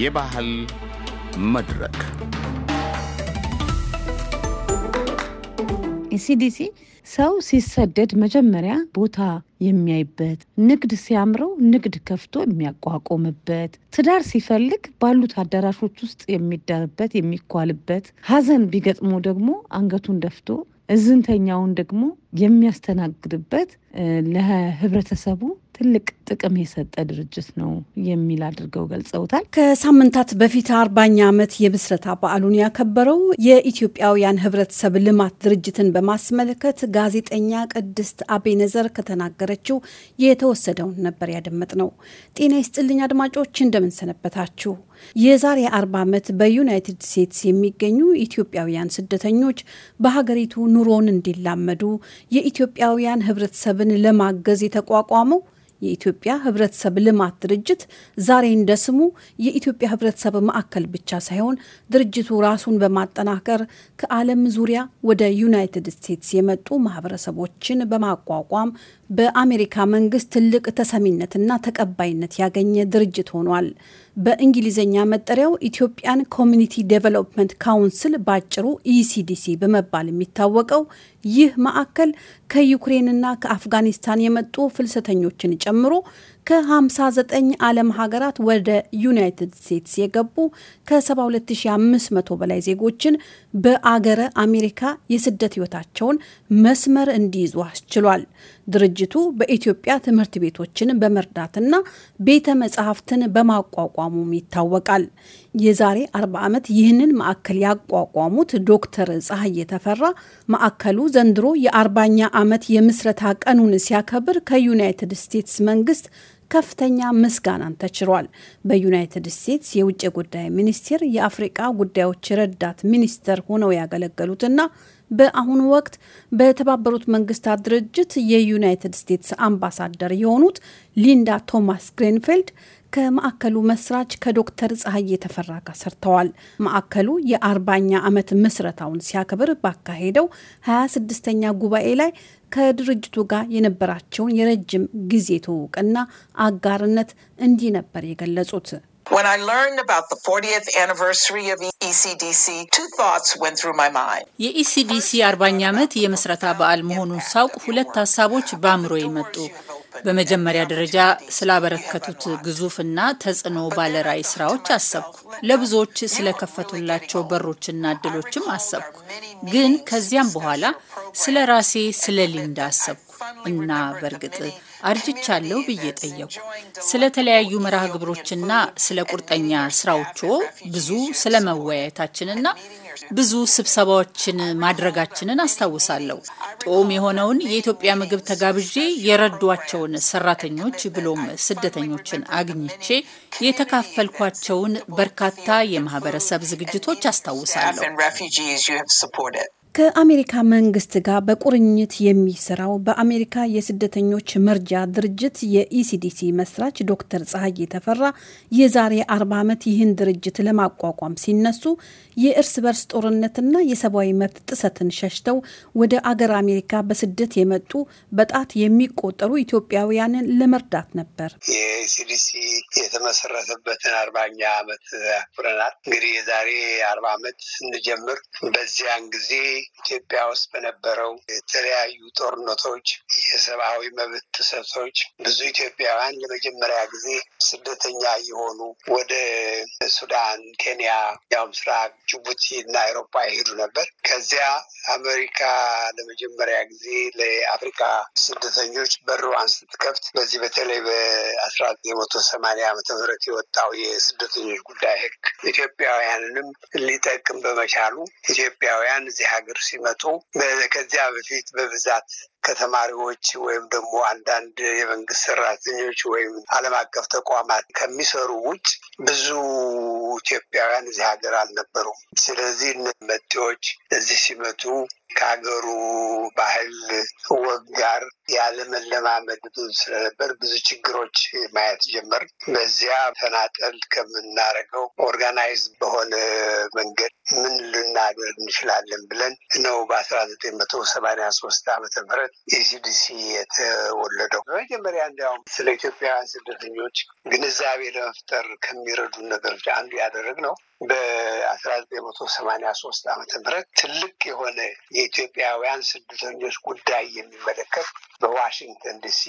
የባህል መድረክ ሲዲሲ ሰው ሲሰደድ መጀመሪያ ቦታ የሚያይበት ንግድ ሲያምረው ንግድ ከፍቶ የሚያቋቁምበት ትዳር ሲፈልግ ባሉት አዳራሾች ውስጥ የሚዳርበት የሚኳልበት ሀዘን ቢገጥሞ ደግሞ አንገቱን ደፍቶ እዝንተኛውን ደግሞ የሚያስተናግድበት ለህብረተሰቡ ትልቅ ጥቅም የሰጠ ድርጅት ነው የሚል አድርገው ገልጸውታል። ከሳምንታት በፊት አርባኛ ዓመት የምስረታ በዓሉን ያከበረው የኢትዮጵያውያን ህብረተሰብ ልማት ድርጅትን በማስመልከት ጋዜጠኛ ቅድስት አቤነዘር ከተናገረችው የተወሰደውን ነበር ያደመጥ ነው። ጤና ይስጥልኝ አድማጮች እንደምንሰነበታችሁ። የዛሬ አርባ ዓመት በዩናይትድ ስቴትስ የሚገኙ ኢትዮጵያውያን ስደተኞች በሀገሪቱ ኑሮን እንዲላመዱ የኢትዮጵያውያን ህብረተሰብን ለማገዝ የተቋቋመው የኢትዮጵያ ህብረተሰብ ልማት ድርጅት ዛሬ እንደ ስሙ የኢትዮጵያ ህብረተሰብ ማዕከል ብቻ ሳይሆን ድርጅቱ ራሱን በማጠናከር ከዓለም ዙሪያ ወደ ዩናይትድ ስቴትስ የመጡ ማህበረሰቦችን በማቋቋም በአሜሪካ መንግስት ትልቅ ተሰሚነትና ተቀባይነት ያገኘ ድርጅት ሆኗል። በእንግሊዝኛ መጠሪያው ኢትዮጵያን ኮሚኒቲ ዴቨሎፕመንት ካውንስል በአጭሩ ኢሲዲሲ በመባል የሚታወቀው ይህ ማዕከል ከዩክሬንና ከአፍጋኒስታን የመጡ ፍልሰተኞችን ጨምሮ ከ59 ዓለም ሀገራት ወደ ዩናይትድ ስቴትስ የገቡ ከ72500 በላይ ዜጎችን በአገረ አሜሪካ የስደት ሕይወታቸውን መስመር እንዲይዙ አስችሏል። ድርጅቱ በኢትዮጵያ ትምህርት ቤቶችን በመርዳትና ቤተ መጻሕፍትን በማቋቋሙም ይታወቃል። የዛሬ አርባ ዓመት ይህንን ማዕከል ያቋቋሙት ዶክተር ፀሐይ ተፈራ ማዕከሉ ዘንድሮ የአርባኛ ዓመት የምስረታ ቀኑን ሲያከብር ከዩናይትድ ስቴትስ መንግስት ከፍተኛ ምስጋናን ተችሯል። በዩናይትድ ስቴትስ የውጭ ጉዳይ ሚኒስቴር የአፍሪቃ ጉዳዮች ረዳት ሚኒስተር ሆነው ያገለገሉትና በአሁኑ ወቅት በተባበሩት መንግስታት ድርጅት የዩናይትድ ስቴትስ አምባሳደር የሆኑት ሊንዳ ቶማስ ግሬንፌልድ ከማዕከሉ መስራች ከዶክተር ፀሐይ ተፈራ ጋር ሰርተዋል። ማዕከሉ የአርባኛ ዓመት ምስረታውን ሲያከብር ባካሄደው 26ኛ ጉባኤ ላይ ከድርጅቱ ጋር የነበራቸውን የረጅም ጊዜ ትውውቅና አጋርነት እንዲህ ነበር የገለጹት። When I learned about the 40th anniversary of ECDC, two thoughts went through my mind. የኢሲዲሲ አርባኛ ዓመት የመስረታ በዓል መሆኑን ሳውቅ ሁለት ሀሳቦች በአእምሮ የመጡ በመጀመሪያ ደረጃ ስላበረከቱት ግዙፍና ተጽዕኖ ባለራይ ስራዎች አሰብኩ። ለብዙዎች ስለከፈቱላቸው በሮችና እድሎችም አሰብኩ። ግን ከዚያም በኋላ ስለ ራሴ ስለ ሊንዳ አሰብኩ እና በእርግጥ አርጅቻለሁ ብዬ ጠየቁ። ስለተለያዩ መርሃ ግብሮችና ስለ ቁርጠኛ ስራዎቹ ብዙ ስለ መወያየታችንና ብዙ ስብሰባዎችን ማድረጋችንን አስታውሳለሁ። ጦም የሆነውን የኢትዮጵያ ምግብ ተጋብዤ የረዷቸውን ሰራተኞች ብሎም ስደተኞችን አግኝቼ የተካፈልኳቸውን በርካታ የማህበረሰብ ዝግጅቶች አስታውሳለሁ። ከአሜሪካ መንግስት ጋር በቁርኝት የሚሰራው በአሜሪካ የስደተኞች መርጃ ድርጅት የኢሲዲሲ መስራች ዶክተር ፀሐይ ተፈራ የዛሬ አርባ ዓመት ይህን ድርጅት ለማቋቋም ሲነሱ የእርስ በርስ ጦርነትና የሰብአዊ መብት ጥሰትን ሸሽተው ወደ አገር አሜሪካ በስደት የመጡ በጣት የሚቆጠሩ ኢትዮጵያውያንን ለመርዳት ነበር። የኢሲዲሲ የተመሰረተበትን አርባኛ ዓመት ያክብረናል። እንግዲህ የዛሬ አርባ ዓመት ስንጀምር በዚያን ጊዜ ኢትዮጵያ ውስጥ በነበረው የተለያዩ ጦርነቶች፣ የሰብአዊ መብት ጥሰቶች ብዙ ኢትዮጵያውያን ለመጀመሪያ ጊዜ ስደተኛ የሆኑ ወደ ሱዳን፣ ኬንያ፣ ያው ምስራቅ ጅቡቲ እና አውሮፓ ይሄዱ ነበር። ከዚያ አሜሪካ ለመጀመሪያ ጊዜ ለአፍሪካ ስደተኞች በርዋን ስትከፍት በዚህ በተለይ በአስራ ዘጠኝ መቶ ሰማንያ ዓመተ ምህረት የወጣው የስደተኞች ጉዳይ ህግ ኢትዮጵያውያንንም ሊጠቅም በመቻሉ ኢትዮጵያውያን እዚህ ሀገር ሀገር ሲመጡ ከዚያ በፊት በብዛት ከተማሪዎች ወይም ደግሞ አንዳንድ የመንግስት ሰራተኞች ወይም ዓለም አቀፍ ተቋማት ከሚሰሩ ውጭ ብዙ ኢትዮጵያውያን እዚህ ሀገር አልነበሩም። ስለዚህ መጤዎች እዚህ ሲመጡ ከሀገሩ ባህል ወግ ጋር ያለመለማመድ ስለነበር ብዙ ችግሮች ማየት ጀመር። በዚያ ተናጠል ከምናደርገው ኦርጋናይዝ በሆነ መንገድ ምን ልናደርግ እንችላለን ብለን ነው በአስራ ዘጠኝ መቶ ሰማኒያ ሶስት ዓመተ ምህረት ኤሲዲሲ የተወለደው። በመጀመሪያ እንዲያውም ስለ ኢትዮጵያውያን ስደተኞች ግንዛቤ ለመፍጠር ከሚረዱ ነገሮች አንዱ ነው በአስራ ዘጠኝ መቶ ሰማኒያ ሶስት ዓመተ ምህረት ትልቅ የሆነ የኢትዮጵያውያን ስደተኞች ጉዳይ የሚመለከት በዋሽንግተን ዲሲ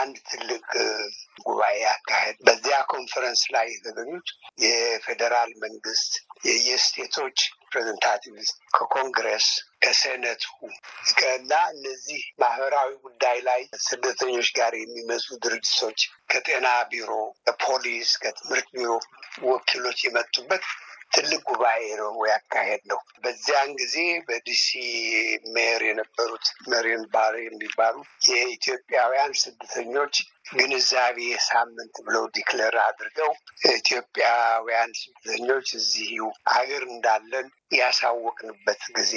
አንድ ትልቅ ጉባኤ ያካሄድ። በዚያ ኮንፈረንስ ላይ የተገኙት የፌዴራል መንግስት፣ የየስቴቶች ፕሬዘንታቲቭስ ከኮንግረስ ከሴነቱ እና እነዚህ ማህበራዊ ጉዳይ ላይ ስደተኞች ጋር የሚመጡ ድርጅቶች ከጤና ቢሮ፣ ከፖሊስ፣ ከትምህርት ቢሮ ወኪሎች የመጡበት ትልቅ ጉባኤ ነው ያካሄድ ነው። በዚያን ጊዜ በዲሲ ሜር የነበሩት መሪን ባሪ የሚባሉ የኢትዮጵያውያን ስደተኞች ግንዛቤ ሳምንት ብለው ዲክለር አድርገው ኢትዮጵያውያን ስደተኞች እዚሁ ሀገር እንዳለን ያሳወቅንበት ጊዜ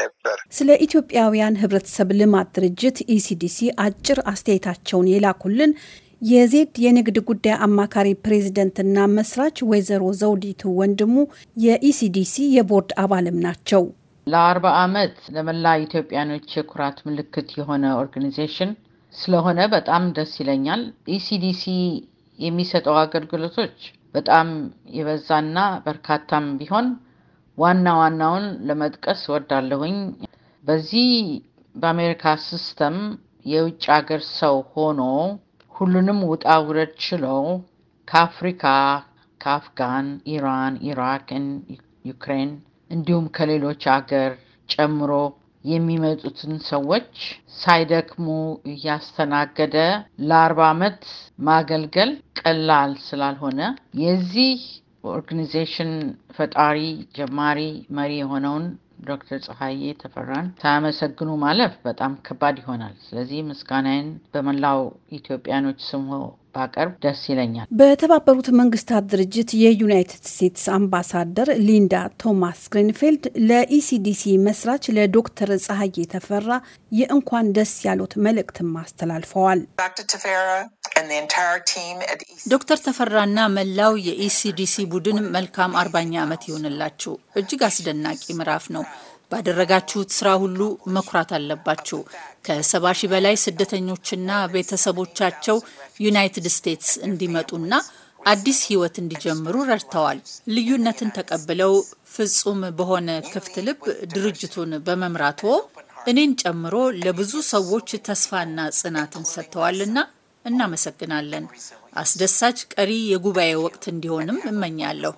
ነበር። ስለ ኢትዮጵያውያን ሕብረተሰብ ልማት ድርጅት ኢሲዲሲ አጭር አስተያየታቸውን የላኩልን የዜድ የንግድ ጉዳይ አማካሪ ፕሬዚደንትና መስራች ወይዘሮ ዘውዲቱ ወንድሙ የኢሲዲሲ የቦርድ አባልም ናቸው። ለአርባ ዓመት ለመላ ኢትዮጵያኖች የኩራት ምልክት የሆነ ኦርጋኒዜሽን ስለሆነ በጣም ደስ ይለኛል። ኢሲዲሲ የሚሰጠው አገልግሎቶች በጣም የበዛና በርካታም ቢሆን ዋና ዋናውን ለመጥቀስ ወዳለሁኝ። በዚህ በአሜሪካ ሲስተም የውጭ ሀገር ሰው ሆኖ ሁሉንም ውጣ ውረድ ችለው ከአፍሪካ ከአፍጋን፣ ኢራን፣ ኢራቅን፣ ዩክሬን እንዲሁም ከሌሎች አገር ጨምሮ የሚመጡትን ሰዎች ሳይደክሙ እያስተናገደ ለአርባ ዓመት ማገልገል ቀላል ስላልሆነ የዚህ ኦርጋኒዜሽን ፈጣሪ ጀማሪ መሪ የሆነውን ዶክተር ፀሐዬ ተፈራን ሳያመሰግኑ ማለፍ በጣም ከባድ ይሆናል። ስለዚህ ምስጋናዬን በመላው ኢትዮጵያኖች ስም ባቀርብ ደስ ይለኛል። በተባበሩት መንግስታት ድርጅት የዩናይትድ ስቴትስ አምባሳደር ሊንዳ ቶማስ ግሪንፊልድ ለኢሲዲሲ መስራች ለዶክተር ፀሐዬ ተፈራ የእንኳን ደስ ያሉት መልእክትም አስተላልፈዋል። e ዶክተር ተፈራና መላው የኢሲዲሲ ቡድን መልካም አርባኛ ዓመት ይሆንላችሁ። እጅግ አስደናቂ ምዕራፍ ነው። ባደረጋችሁት ስራ ሁሉ መኩራት አለባችሁ። ከሰባ ሺህ በላይ ስደተኞችና ቤተሰቦቻቸው ዩናይትድ ስቴትስ እንዲመጡና አዲስ ህይወት እንዲጀምሩ ረድተዋል። ልዩነትን ተቀብለው ፍጹም በሆነ ክፍት ልብ ድርጅቱን በመምራቶ እኔን ጨምሮ ለብዙ ሰዎች ተስፋና ጽናትን ሰጥተዋልና እናመሰግናለን። አስደሳች ቀሪ የጉባኤ ወቅት እንዲሆንም እመኛለሁ።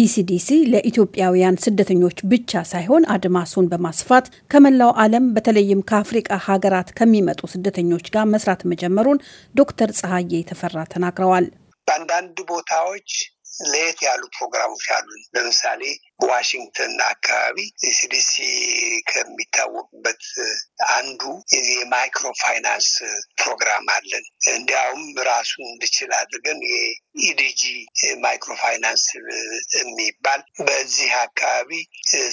ኢሲዲሲ ለኢትዮጵያውያን ስደተኞች ብቻ ሳይሆን አድማሱን በማስፋት ከመላው ዓለም በተለይም ከአፍሪቃ ሀገራት ከሚመጡ ስደተኞች ጋር መስራት መጀመሩን ዶክተር ፀሐዬ የተፈራ ተናግረዋል። በአንዳንድ ቦታዎች ለየት ያሉ ፕሮግራሞች አሉ። ለምሳሌ ዋሽንግተን አካባቢ ሲዲሲ ከሚታወቅበት አንዱ የዚህ የማይክሮ ፋይናንስ ፕሮግራም አለን። እንዲያውም ራሱን እንድችል አድርገን የኢዲጂ ማይክሮ ፋይናንስ የሚባል በዚህ አካባቢ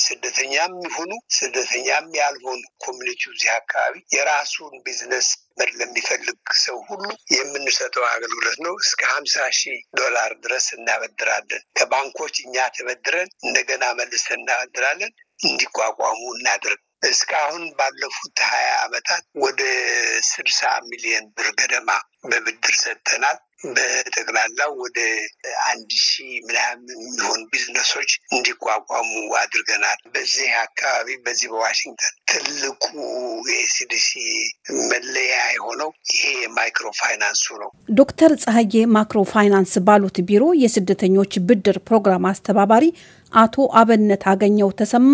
ስደተኛም ይሁኑ ስደተኛም ያልሆኑ ኮሚኒቲው እዚህ አካባቢ የራሱን ቢዝነስ መድ ለሚፈልግ ሰው ሁሉ የምንሰጠው አገልግሎት ነው። እስከ ሀምሳ ሺህ ዶላር ድረስ እናበድራለን። ከባንኮች እኛ ተበድረን እንደገ እንደገና መልስ እናበድራለን እንዲቋቋሙ እናድርግ። እስካሁን ባለፉት ሀያ አመታት ወደ ስልሳ ሚሊዮን ብር ገደማ በብድር ሰጥተናል። በጠቅላላው ወደ አንድ ሺ ምናምን የሚሆን ቢዝነሶች እንዲቋቋሙ አድርገናል። በዚህ አካባቢ በዚህ በዋሽንግተን ትልቁ የኤሲዲሲ መለያ የሆነው ይሄ የማይክሮ ፋይናንሱ ነው። ዶክተር ፀሐዬ ማክሮ ፋይናንስ ባሉት ቢሮ የስደተኞች ብድር ፕሮግራም አስተባባሪ አቶ አበነት አገኘው ተሰማ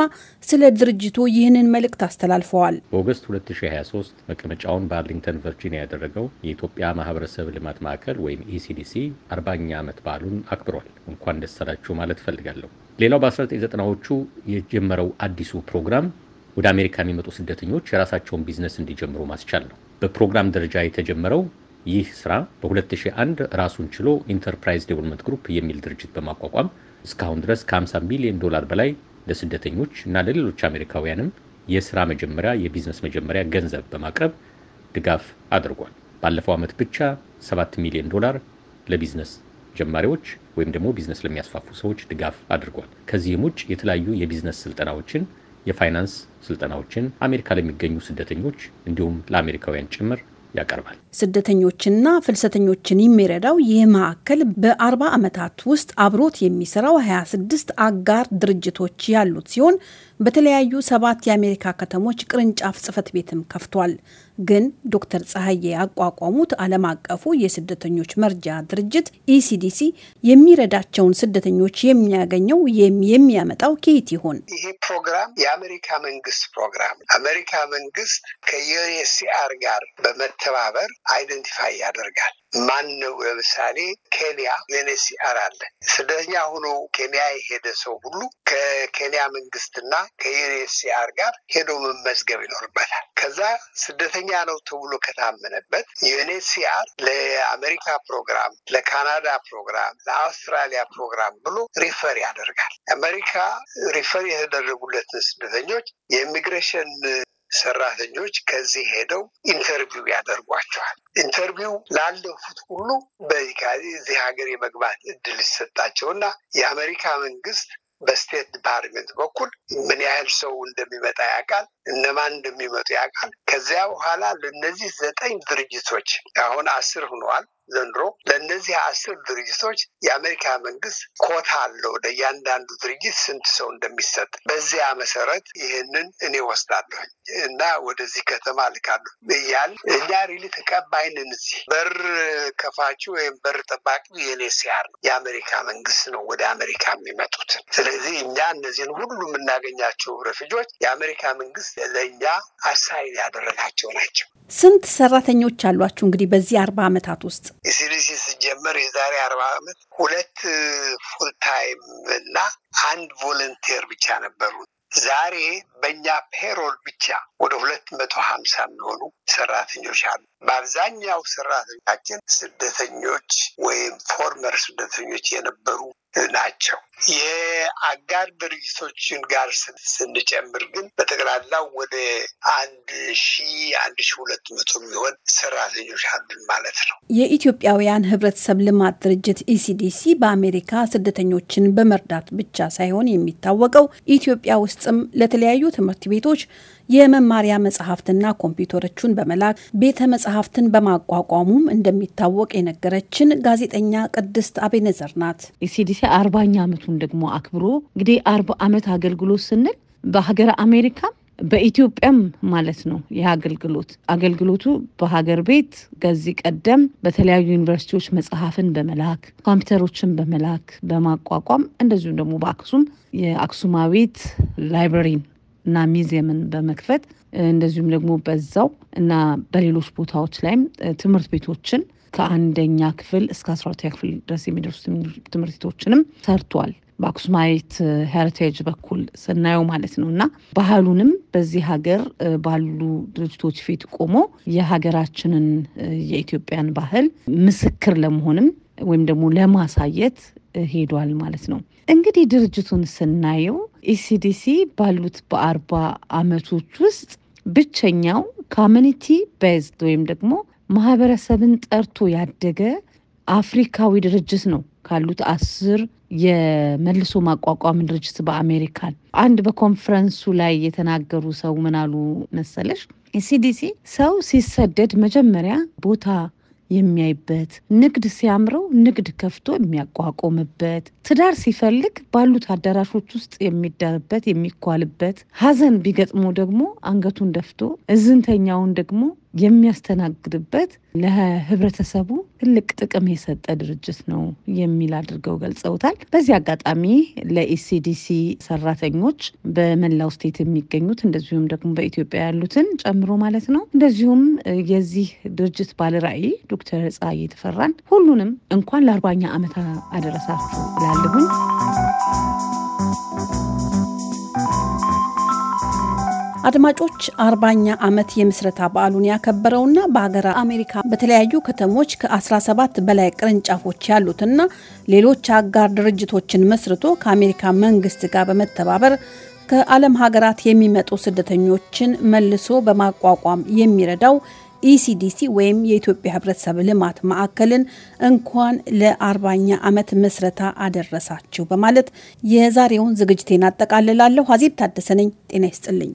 ስለ ድርጅቱ ይህንን መልእክት አስተላልፈዋል። በኦገስት 2023 መቀመጫውን በአርሊንግተን ቨርጂኒያ ያደረገው የኢትዮጵያ ማህበረሰብ ልማት ማዕከል ወይም ኢሲዲሲ e አርባኛ ዓመት በዓሉን አክብሯል። እንኳን ደስ አላችሁ ማለት እፈልጋለሁ። ሌላው በ1990ዎቹ የጀመረው አዲሱ ፕሮግራም ወደ አሜሪካ የሚመጡ ስደተኞች የራሳቸውን ቢዝነስ እንዲጀምሩ ማስቻል ነው። በፕሮግራም ደረጃ የተጀመረው ይህ ስራ በ2001 ራሱን ችሎ ኢንተርፕራይዝ ዴቨሎፕመንት ግሩፕ የሚል ድርጅት በማቋቋም እስካሁን ድረስ ከ50 ሚሊዮን ዶላር በላይ ለስደተኞች እና ለሌሎች አሜሪካውያንም የስራ መጀመሪያ የቢዝነስ መጀመሪያ ገንዘብ በማቅረብ ድጋፍ አድርጓል። ባለፈው ዓመት ብቻ 7 ሚሊዮን ዶላር ለቢዝነስ ጀማሪዎች ወይም ደግሞ ቢዝነስ ለሚያስፋፉ ሰዎች ድጋፍ አድርጓል። ከዚህም ውጭ የተለያዩ የቢዝነስ ስልጠናዎችን፣ የፋይናንስ ስልጠናዎችን አሜሪካ ለሚገኙ ስደተኞች እንዲሁም ለአሜሪካውያን ጭምር ያቀርባል። ስደተኞችና ፍልሰተኞችን የሚረዳው ይህ ማዕከል በ40 ዓመታት ውስጥ አብሮት የሚሰራው 26 አጋር ድርጅቶች ያሉት ሲሆን በተለያዩ ሰባት የአሜሪካ ከተሞች ቅርንጫፍ ጽህፈት ቤትም ከፍቷል። ግን ዶክተር ፀሐዬ ያቋቋሙት ዓለም አቀፉ የስደተኞች መርጃ ድርጅት ኢሲዲሲ የሚረዳቸውን ስደተኞች የሚያገኘው የሚያመጣው ከየት ይሆን? ይሄ ፕሮግራም የአሜሪካ መንግስት ፕሮግራም አሜሪካ መንግስት ከዩኤስሲአር ጋር በመተባበር አይደንቲፋይ ያደርጋል። ማን ነው? ለምሳሌ ኬንያ ዩኤንኤች አለ። ስደተኛ ሆኖ ኬንያ የሄደ ሰው ሁሉ ከኬንያ መንግስትና ከዩኤንኤች ጋር ሄዶ መመዝገብ ይኖርበታል። ከዛ ስደተኛ ነው ተብሎ ከታመነበት ዩኤንኤች ለአሜሪካ ፕሮግራም፣ ለካናዳ ፕሮግራም፣ ለአውስትራሊያ ፕሮግራም ብሎ ሪፈር ያደርጋል። አሜሪካ ሪፈር የተደረጉለትን ስደተኞች የኢሚግሬሽን ሰራተኞች ከዚህ ሄደው ኢንተርቪው ያደርጓቸዋል። ኢንተርቪው ላለፉት ሁሉ በዚህ ሀገር የመግባት እድል ይሰጣቸውና የአሜሪካ መንግስት በስቴት ዲፓርትመንት በኩል ምን ያህል ሰው እንደሚመጣ ያውቃል። እነማን እንደሚመጡ ያውቃል። ከዚያ በኋላ ለእነዚህ ዘጠኝ ድርጅቶች አሁን አስር ሆነዋል ዘንድሮ ለእነዚህ አስር ድርጅቶች የአሜሪካ መንግስት ኮታ አለው ለእያንዳንዱ ድርጅት ስንት ሰው እንደሚሰጥ። በዚያ መሰረት ይህንን እኔ ወስዳለሁ እና ወደዚህ ከተማ ልካሉ እያል እኛ ሪሊ ተቀባይንን እዚህ በር ከፋች ወይም በር ጠባቂ የኔ ሲያር ነው የአሜሪካ መንግስት ነው ወደ አሜሪካ የሚመጡት። ስለዚህ እኛ እነዚህን ሁሉ የምናገኛቸው ረፊጆች የአሜሪካ መንግስት ለእኛ አሳይል ያደረጋቸው ናቸው። ስንት ሰራተኞች አሏችሁ? እንግዲህ በዚህ አርባ ዓመታት ውስጥ ኢሲቢሲ ሲጀመር የዛሬ አርባ ዓመት ሁለት ፉልታይም እና አንድ ቮለንቴር ብቻ ነበሩ። ዛሬ በእኛ ፔሮል ብቻ ወደ ሁለት መቶ ሀምሳ የሚሆኑ ሰራተኞች አሉ። በአብዛኛው ሰራተኛችን ስደተኞች ወይም ፎርመር ስደተኞች የነበሩ ናቸው። የአጋር ድርጅቶችን ጋር ስንጨምር ግን በጠቅላላው ወደ አንድ ሺ አንድ ሺ ሁለት መቶ የሚሆን ሰራተኞች አሉን ማለት ነው። የኢትዮጵያውያን ህብረተሰብ ልማት ድርጅት ኢሲዲሲ በአሜሪካ ስደተኞችን በመርዳት ብቻ ሳይሆን የሚታወቀው ኢትዮጵያ ውስጥም ለተለያዩ ትምህርት ቤቶች የመማሪያ መጽሐፍትና ኮምፒውተሮቹን በመላክ ቤተ መጽሐፍትን በማቋቋሙም እንደሚታወቅ የነገረችን ጋዜጠኛ ቅድስት አቤነዘር ናት። ሲዲሲ አርባኛ ዓመቱን ደግሞ አክብሮ እንግዲህ አርባ ዓመት አገልግሎት ስንል በሀገር አሜሪካም በኢትዮጵያም ማለት ነው። ይህ አገልግሎት አገልግሎቱ በሀገር ቤት ከዚህ ቀደም በተለያዩ ዩኒቨርሲቲዎች መጽሐፍን በመላክ ኮምፒውተሮችን በመላክ በማቋቋም እንደዚሁም ደግሞ በአክሱም የአክሱማዊት ላይብረሪን እና ሚዚየምን በመክፈት እንደዚሁም ደግሞ በዛው እና በሌሎች ቦታዎች ላይም ትምህርት ቤቶችን ከአንደኛ ክፍል እስከ አስራ ሁለተኛ ክፍል ድረስ የሚደርሱ ትምህርት ቤቶችንም ሰርቷል። በአክሱማይት ሄሪቴጅ በኩል ስናየው ማለት ነው እና ባህሉንም በዚህ ሀገር ባሉ ድርጅቶች ፊት ቆሞ የሀገራችንን የኢትዮጵያን ባህል ምስክር ለመሆንም ወይም ደግሞ ለማሳየት ሄዷል ማለት ነው። እንግዲህ ድርጅቱን ስናየው ኢሲዲሲ ባሉት በአርባ አመቶች ውስጥ ብቸኛው ካሚኒቲ ቤዝድ ወይም ደግሞ ማህበረሰብን ጠርቶ ያደገ አፍሪካዊ ድርጅት ነው ካሉት አስር የመልሶ ማቋቋም ድርጅት በአሜሪካን አንድ በኮንፈረንሱ ላይ የተናገሩ ሰው ምናሉ መሰለሽ? ሲዲሲ ሰው ሲሰደድ መጀመሪያ ቦታ የሚያይበት፣ ንግድ ሲያምረው ንግድ ከፍቶ የሚያቋቁምበት፣ ትዳር ሲፈልግ ባሉት አዳራሾች ውስጥ የሚዳርበት የሚኳልበት፣ ሀዘን ቢገጥሞ ደግሞ አንገቱን ደፍቶ እዝንተኛውን ደግሞ የሚያስተናግድበት ለህብረተሰቡ ትልቅ ጥቅም የሰጠ ድርጅት ነው የሚል አድርገው ገልጸውታል። በዚህ አጋጣሚ ለኢሲዲሲ ሰራተኞች በመላው ስቴት የሚገኙት እንደዚሁም ደግሞ በኢትዮጵያ ያሉትን ጨምሮ ማለት ነው እንደዚሁም የዚህ ድርጅት ባለራዕይ ዶክተር ፀሐይ የተፈራን ሁሉንም እንኳን ለአርባኛ ዓመት አደረሳችሁ ላለሁኝ አድማጮች አርባኛ ዓመት የምስረታ በዓሉን ያከበረውና በሀገር አሜሪካ በተለያዩ ከተሞች ከ17 በላይ ቅርንጫፎች ያሉትና ሌሎች አጋር ድርጅቶችን መስርቶ ከአሜሪካ መንግስት ጋር በመተባበር ከዓለም ሀገራት የሚመጡ ስደተኞችን መልሶ በማቋቋም የሚረዳው ኢሲዲሲ ወይም የኢትዮጵያ ህብረተሰብ ልማት ማዕከልን እንኳን ለአርባኛ ዓመት መስረታ አደረሳችሁ በማለት የዛሬውን ዝግጅቴን አጠቃልላለሁ። አዜብ ታደሰ ነኝ። ጤና ይስጥልኝ።